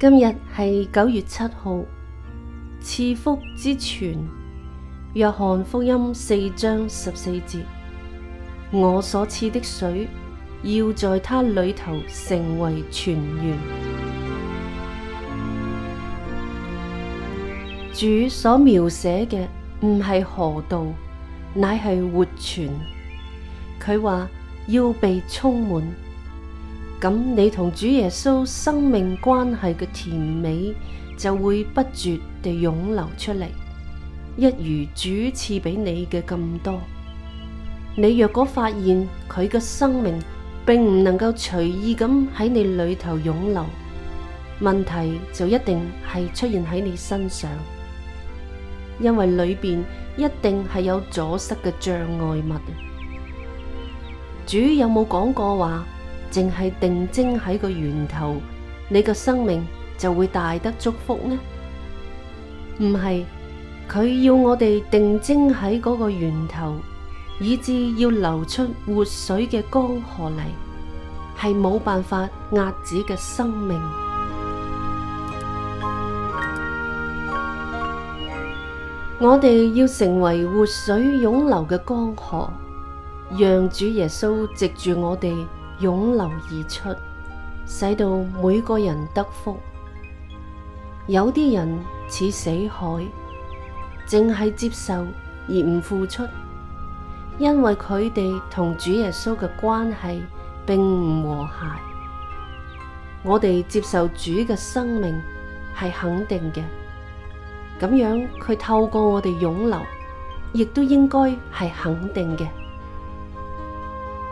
今日係九月七號，賜福之泉，約翰福音四章十四節：我所賜的水，要在他裏頭成為泉源。主所描寫嘅唔係河道，乃係活泉。佢話要被充滿。咁你同主耶穌生命關係嘅甜美就會不絕地湧流出嚟，一如主賜俾你嘅咁多。你若果發現佢嘅生命並唔能夠隨意咁喺你裏頭湧流，問題就一定係出現喺你身上，因為裏邊一定係有阻塞嘅障礙物。主有冇講過的話？淨係定睛喺個源頭，你個生命就會大得祝福呢？唔係，佢要我哋定睛喺嗰個源頭，以致要流出活水嘅江河嚟，係冇辦法壓止嘅生命。我哋要成為活水湧流嘅江河，讓主耶穌藉住我哋湧流而出，使到每個人得福。有啲人似死海，淨係接受而唔付出，因為佢哋同主耶穌嘅關係並唔和諧。我哋接受主嘅生命係肯定嘅。咁樣，佢透過我哋湧流，亦都應該係肯定嘅。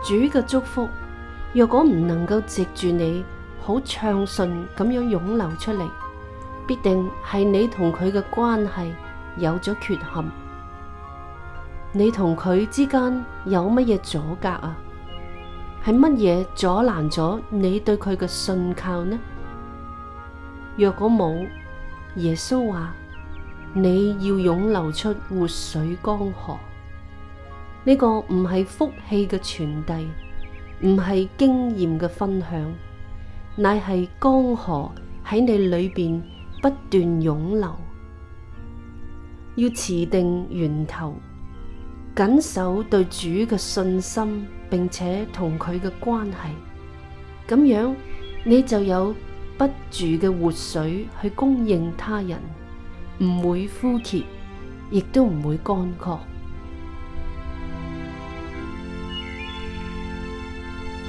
主嘅祝福。若果唔能夠藉住你好暢順咁樣湧流出嚟，必定係你同佢嘅關係有咗缺陷。你同佢之間有乜嘢阻隔啊？係乜嘢阻攔咗你對佢嘅信靠呢？若果冇，耶穌話你要湧流出活水江河，呢、這個唔係福氣嘅傳遞。唔係經驗嘅分享，乃係江河喺你裏邊不斷湧流。要持定源頭，緊守對主嘅信心，並且同佢嘅關係，咁樣你就有不住嘅活水去供應他人，唔會枯竭，亦都唔會乾涸。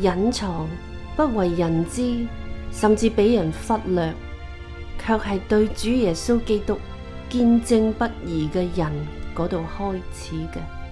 隱藏、不為人知，甚至畀人忽略，卻係對主耶穌基督堅貞不移嘅人嗰度開始嘅。